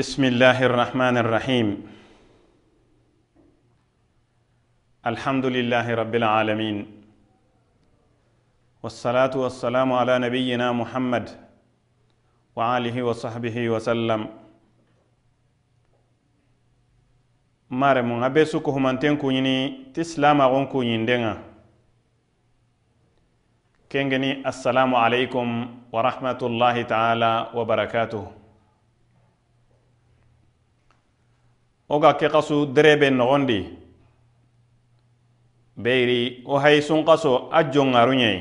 بسم الله الرحمن الرحيم الحمد لله رب العالمين والصلاه والسلام على نبينا محمد وعاله وصحبه وسلم مارم هم همانتين كونيني تسلام اغون كونين كينغني السلام عليكم ورحمه الله تعالى وبركاته wo ga ke xasu dere be noxondi beyiri wo hayi sun xaso a jonŋaru ɲeyi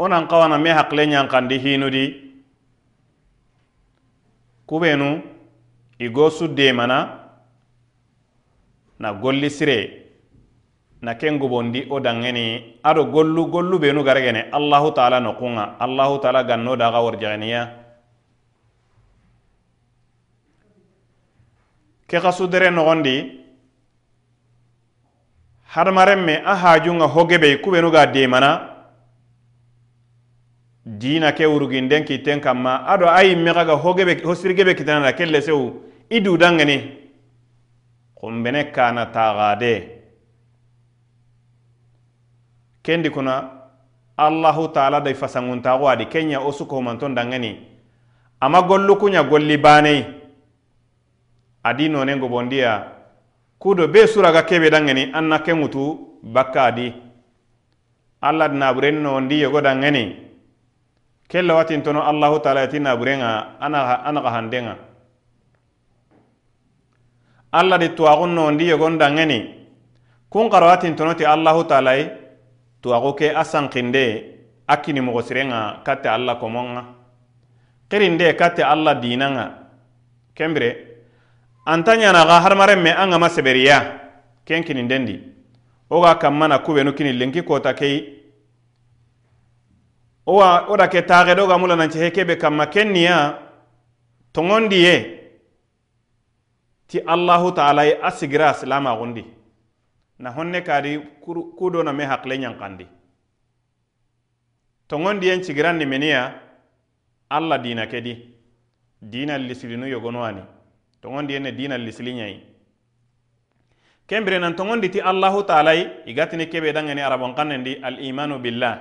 wo nan xawana me hakile ɲankandi hinudi kubenu i go su demana na golli sire na ken gubondi wo danŋeni ado gollu gollu benu garegene allahu taala noxunŋa allahu taala ganno daxa warjaxeniya ke xa sudere noxondi hadamaren me a hajunga hogebe kubenu ga demana dina ke wuruginden kiten kanma ado a yimme xa ga hogebe hosirigebe kitanana ken lesewu i dudangeni kunbene kana taxade kendi kuna allahu taala da i fasanguntaxu adi kenya wo sukohumanton dangeni ama gollu kuɲa golli banei adi nonengo bondiya kudo be suraga kebe dangeni an na ke ŋutu bakka adi alla naburen nondi yogo dangeni ke lawatin tono allahu taala yati naburenŋa a naga handenŋa alla di tuwaxun nondi yogon dangeni kun xarawatin tono ti allahu taala tuwaxu ke a sanxinde a kinimoxo sirenŋa katte alla komonŋa xirinde katte alla dinanŋa kembire anta ɲana xa hadamaren me an ŋama seberiya ken kininden wo ga kanma na kubenu kini lenki kota keyi wa wo da ke taxe do ga mula nanci he kebe kanma ken niya toŋondi ye ti allahu taala ye a sigira silamaxundi na honne kadi ku do na me hakile ɲankandi toŋondi yen cigirandi meniya alla dina kedi dina lisilinu yogonwani ani toŋondi yenne diinal lisiliñayi kembire nan toŋondi ti allahu taalayi i kebe daŋeni arabon kannendi alimanu billah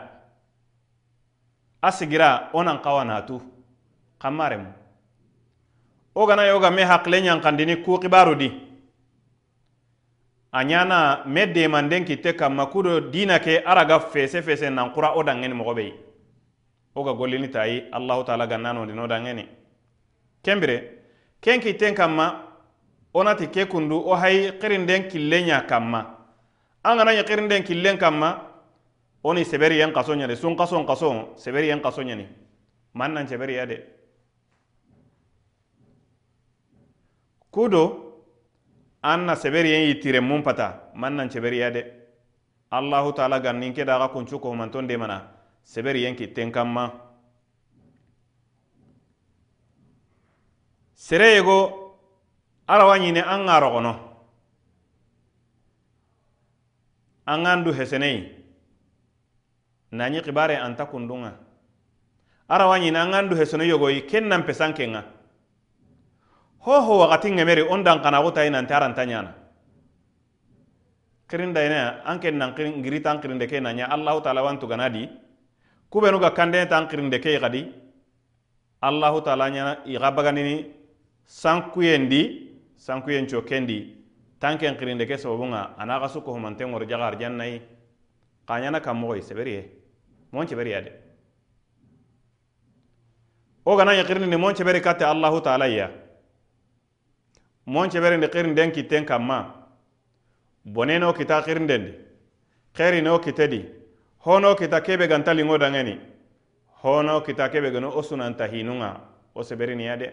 asigira sigira wo nan kawa natu xammaremu wo gana yo ku xibaru di a ɲana me demanden kitte kanma kudo dina ke araga fese fese nan kura wo daŋeni mogo gollini ta allahu taala gannanondino daŋeni kembire ken kiten kanma wonati ke kundu wo hayi xirinden killen ɲa kanma an gana ɲe xirinden killen kanma wo ni seberiyen kaso ɲani sun kason kaso seberiyen kaso ɲani man nan seberiya de kudo an na seberiyen yi tire mun pata man nan seberiya de allahu taala gannin ke daxa kuncu kohumanton de seberiyen kitten kanma sere yego go arawa ɲini an ŋa rogono an ŋan du heseneyi nañi xibare anta kundun ŋa arawa ɲini an ŋan du hesene yogoyi ken nan pesan ken ŋa hoho waxati ŋemeri on dan xanaxutayi nante aranta ɲana kirindayina an ken nan ngiritan kirinde ke naña allahu taala wantugana di kubenu ga kandene tan kirinde ke i xadi allahu taala ɲana i xa baganini sankuyendi sankuyenco kendi tanken xirinde ke sababunga ana xa sukko humantenŋoro jaxa arjannayi xa ɲana kanmoxoyi seberiye mon ceberiya de wo gana ɲe xirindi mon ceberi kate allahu taala ya mon ceberindi xirinden kitten kanma boneno kita xirindendi xerino kitedi hono kita kebe ganta liŋo dangeni hono kita kebe gano wo sunanta hinunga wo seberiniya de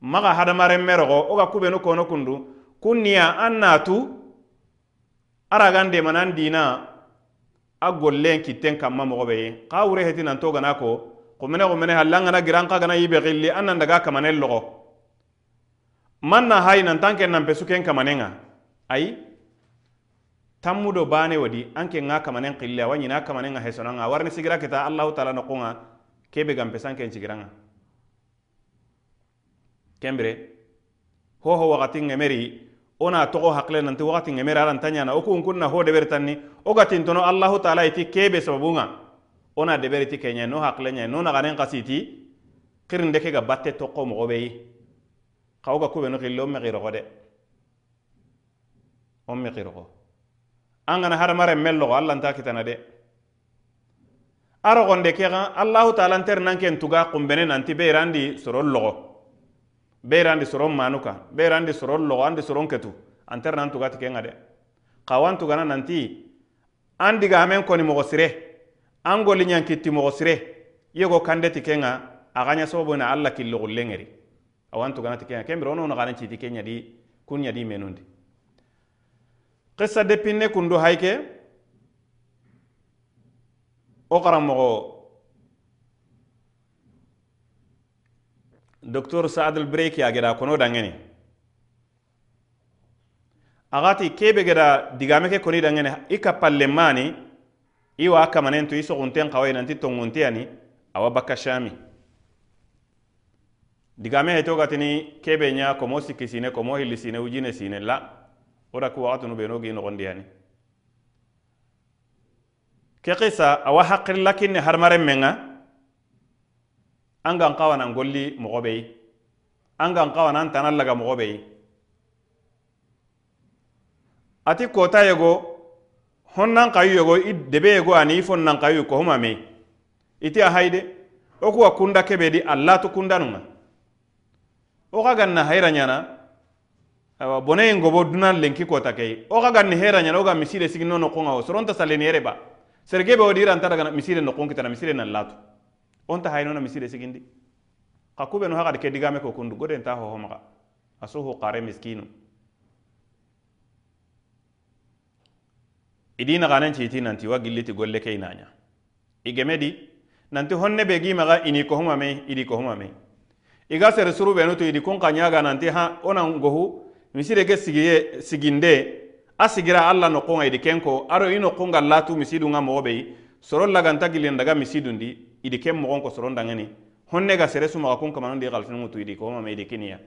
maga hadamaren rogo wo ga kubenu kono kundu kunniya an natu aragan demanan dina a gollen kitten kanma mogo ye xa wure heti nanto gana ko xumene xumene halla ngana giran xa gana yibe xilli an nan daga kamanen logo man na hayi nan ken nan ken kamanen ŋa ayi tammu do bane wadi an ken ŋa kamanen xilli awa ɲina kamanen ŋa hesonan ŋa warini sigira kita allahu taala noxun ŋa kebe gan ken cigiran ŋa kembire hoho wakati ŋemeri wo togo hakile nanti wakati ŋemeri aranta ɲana wo kun kun na ho deberi tanni wo gatintono allahu taala iti kebe sababu ŋa wo deberi ti keɲe no hakile ɲe no naganen kasiti kirinde ke ga batte tokko mogo be yi xa wo ga kubenu xilli wo mexiroxo de wo mexiroxo an gana hadamaren men loxo allanta kitana de a roxonde ke allahu taala nter nan tuga xunbene nanti be irandi soron bera andi soron manuka kan bera andi soron logo andi soron ketu antera nan tugati kenga de kawan tugana nanti an diga amen koni mogo sire an goli kitti mogo sire yego ti kenga aganya sababu na alla killogullengeri awan tuganati kenga kembira wono nagana citi ke ɲadi kun ɲadi menundi kissa depinne kundu hayke wo karanmogo docteur saadul breki a geda kono dangeni agati kebe geda digame ke koni dangeni i ka mani i wa kamanentu i sogunten xawai nanti tongunteyani awa bakka shami digame heto gatini kebe nya komo sikki sine komo hilli sine ujine sine la wo ku waxatunu beno gi noxondiyani ke awa hakkirilla kinni harmaren menga' an gan kawana golli mogo be yi an gan kawana laga mogo be ati kota yego hon nan yego i debe yego ani i fon nan ko huma me iti a hayde wo kuwa kunda kebe di allatu kundanunga wo ka gan na hayra awa bone yin gobo dunan lenki kota kei wo ka hera ɲana wo misire sigino nokonga wo soronta saleni yere sergebe wo dira anta daga misire nokon kitana misire nan latu onta na misire sigindi xa kubenu haxadi ke digame ko kundu goden ta ho homa asuhu qare miskinu idi naxanen citi nanti wa gilliti golle ke inaña igemedi nanti honne be gi maxa ini homa me idi ko homa me iga sere suru to idi kun kanya ga nanti ha onan gohu misire ke sigiye siginde asigira alla no noxunga idi ken ko aro i noxunga latu misidunga moxo bei soro laganta gillen daga misidundi idi ken mogon ko soron honne ga sere suma kun kamanu de galfin idi komama ma idi kiniya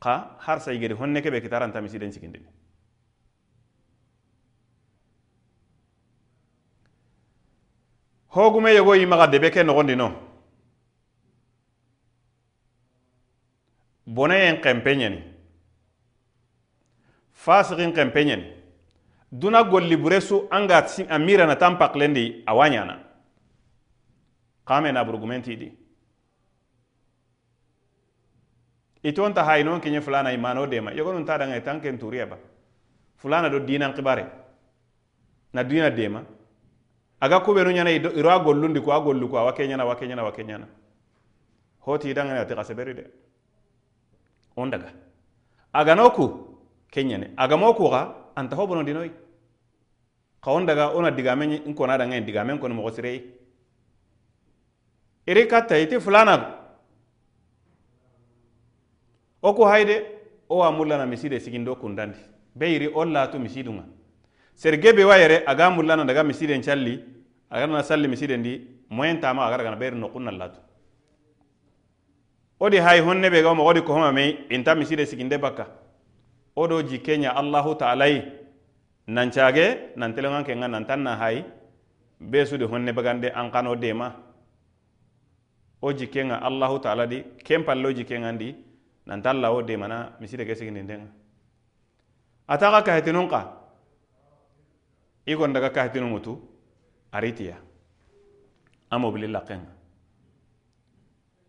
ka har sa gedi honne kebe be kitaran ta misiden sikindi hogume yogo i maga debe ke nogondi no bone yen kempe ɲeni fasikin kempe ɲeni duna golli buresu anga amira na tan paklendi awa ɲana kame na burugumenti di iton ta hayinon kiɲe fulana imano dema yogonun ta danga tan ken turiya ba fulana do dinan kibare na dina dema aga kubenu ɲana iro a gollundi ko a gollu ko awa ke ɲana awa ke ɲana awa ke ɲana hoti dangane ati kaseberi de on daga agano ku kenyane agamo ku ga anta hobono dinoi xa won daga wo na digame kona danŋe digame n koni moxo sire iri katta iti fulana wo ku hayide wo wa mullana miside sigindo kundandi be yiri wo latu misidunŋa serge be wa yere aga mullana daga misiden calli aga nana salli misiden di moyen tama aga dagana be yiri noqun latu wo di honne be ga wo moxo di kohoma mei inta miside siginde bakka wo ji kenya allahu taala nancage nan telenŋan ke ŋa nan taŋ na hayi bee sudu honne bagande an kano dema wo jikke ŋa allahu taala di ken palle wo jikke ŋan di nan la wo demana miside ke sigininte ŋa ata ka kahitinun ka i kon daga kahitinun aritiya a mobili lakken ŋa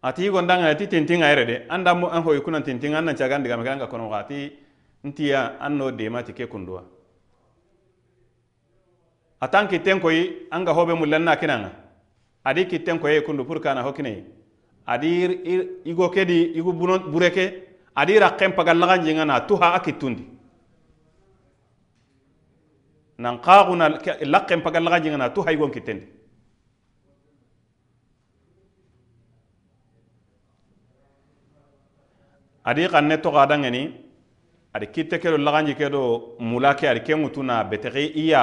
ati i kon daŋa ti tintiŋa yere de an da an hoyi kunan tintiŋa an nan cagan digame kan ka ati ntiya an no dema ti ke kunduwa atan kitten koyi an ga hobe mullanna kinanga adi kitten koye kundu pour kana ho adi igo kedi igu bureke adi rakken pagallagan jinga na tuha a kittundi nan kaaguna lakken pagallagan jinga na tuha igon kittendi adi kanne toga dangeni adi kitte kedo laganji kedo mulake adi ke ŋutu na betexi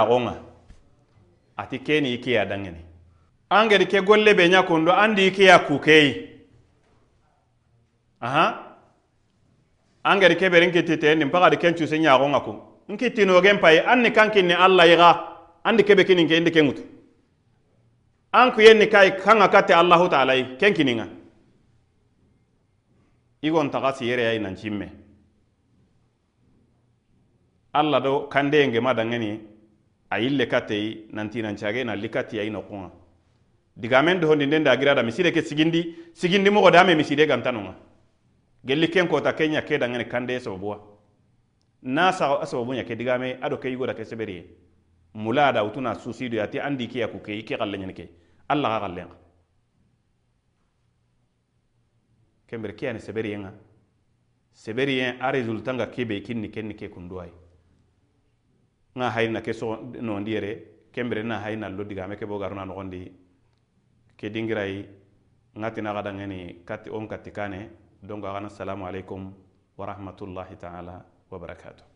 ati keni i keya dangeni an ke golle be ɲa kondo an di i keya kukeyi aha an ke berin kitite nin pagadi ken cuse ɲaxonga kun n kittinogen payi an ni kan kinni alla yixa an kebe kinin ke indi ken ŋutu an kai kan ga katte taala yi ken kininga igon taxa siyereyayi nancin me alla do kandeyenge ma dangeni a yille katei nantinancaage na likati ayi nokunga digamen nden da girada miside ke sigindi sigindi mogo dame miside gantanonga gelli ken kota kenya ke dangane kande e sababuwa na sago a sababunya ke digame ado ke yugoda ke seberiye mula da utuna susidu yati andi ke yaku ke ke ike gallenyen ke alla ga gallenga kembere ke ani seberiyenga seberiyen a resultanga kebe kinni kenni ke kunduwaye nga hayna ke so no yere kembere na hayna lo diga me ke bo garuna ndi ke dingirai ngati na gada ngani kati on katikane kane donc agana salamu alaikum wa rahmatullahi ta'ala wa barakatuh